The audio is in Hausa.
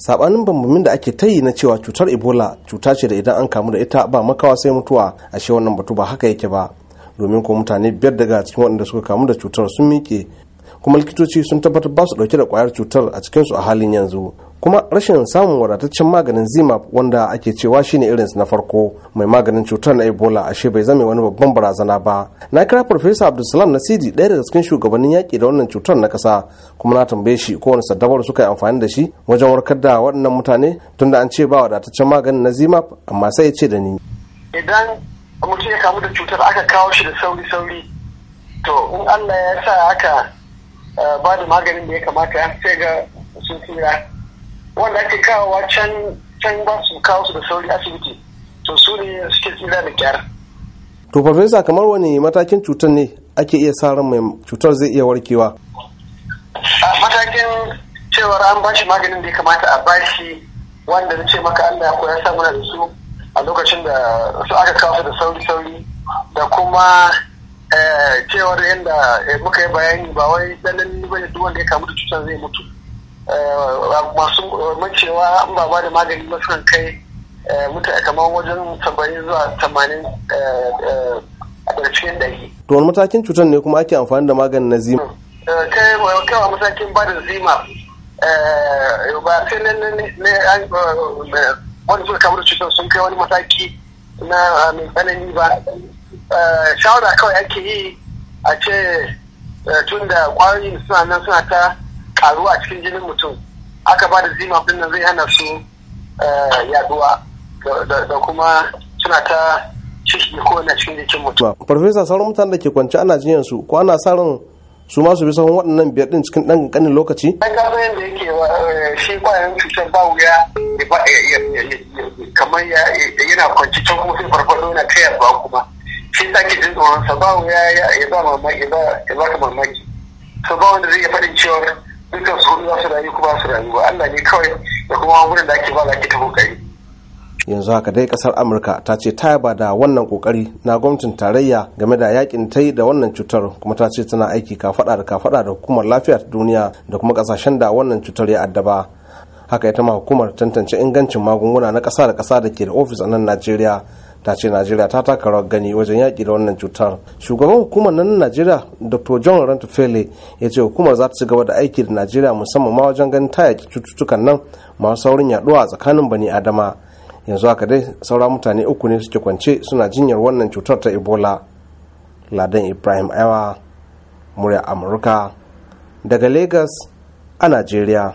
sabanin bambamin da ake ta yi na cewa cutar ebola cuta ce da idan an kamu da ita ba makawa sai mutuwa a shi wannan batu ba haka yake ba domin ko mutane biyar daga cikin waɗanda suka kamu da cutar sun miƙe kuma likitoci sun tabbatar ba su ɗauke da ƙwayar cutar a cikinsu a halin yanzu kuma rashin samun wadataccen maganin zimap wanda ake cewa shine irin na farko mai maganin cutar na ebola ashe bai zame wani babban barazana ba na kira farfesa abdulsalam na sidi ɗaya daga cikin shugabannin yaƙi da wannan cutar na ƙasa kuma na tambaye shi wani saddabar suka yi amfani da shi wajen warkar da waɗannan mutane tunda an ce ba wadataccen maganin na zimap amma sai ya ce da ni idan mutum ya kamu da cutar aka kawo shi da sauri-sauri to in allah ya sa aka eh, ba da maganin da ya kamata sai ga sun tsira wanda ake kawowa can can ba su kawo su da sauri asibiti to su ne suke tsira da kyar to farfesa kamar wani matakin cutar ne ake iya sa ran mai cutar zai iya warkewa a matakin cewar an bashi maganin da ya kamata a bashi wanda na ce maka Allah ko ya sa muna da su a lokacin da su aka kawo su da sauri sauri da kuma eh, cewar yadda eh, muka yi bayani ba wai tsananin ba ne duk wanda ya kamu da cutar zai mutu masu eh, macewa ba ba da magani masu kai eh, mutane kamar wajen saba'in zuwa tamanin a ƙarshen yi. to wani matakin cutar ne kuma ake amfani da maganin na zima. Eh, kai wa matakin ba da zima ba sai ne wani suka kamar cutar sun kai wani mataki na mai tsanani ba shawara kawai ake yi a ce tun da ƙwayoyin suna nan suna ta karuwa a cikin jinin mutum aka ba da zima din nan zai hana su eh, yaduwa da kuma suna ta ciki ko na cikin jikin mutum. Farfesa sauran mutanen da ke kwance ana jiyan su ko ana sa ran su ma su bi sahun waɗannan biyar ɗin cikin ɗan ƙanƙanin lokaci? Ɗan gano yadda yake eh, shi ƙwayan cutar ba wuya kamar yana kwanci can kuma sai farfaɗo na ta ba kuma. Shi sa ke jin tsoron sa ba wuya ya ba mamaki ya ba ka mamaki. So ba wanda zai iya faɗin cewar dukkan su za su rayu kuma su rayu ba Allah ne kawai da kuma wani da ake ba ake ta kokari yanzu haka dai kasar amurka ta ce ta yaba da wannan kokari na gwamnatin tarayya game da yakin ta yi da wannan cutar kuma ta ce tana aiki kafada da kafada da hukumar lafiyar duniya da kuma kasashen da wannan cutar ya addaba haka ita ma hukumar tantance ingancin magunguna na ƙasa da kasa da ke da ofis a nan najeriya ta ce najeriya ta taka rawar gani wajen yaƙi da wannan cutar shugaban hukumar nan najeriya dr john rantafele ya ce hukumar za ta ci gaba da aiki da najeriya musamman ma wajen ganin ta yaƙi cututtukan nan masu saurin yaɗuwa a tsakanin bani adama yanzu haka dai saura mutane uku ne suke kwance suna jinyar wannan cutar ta ebola ladan ibrahim aiwa murya amurka daga lagos a najeriya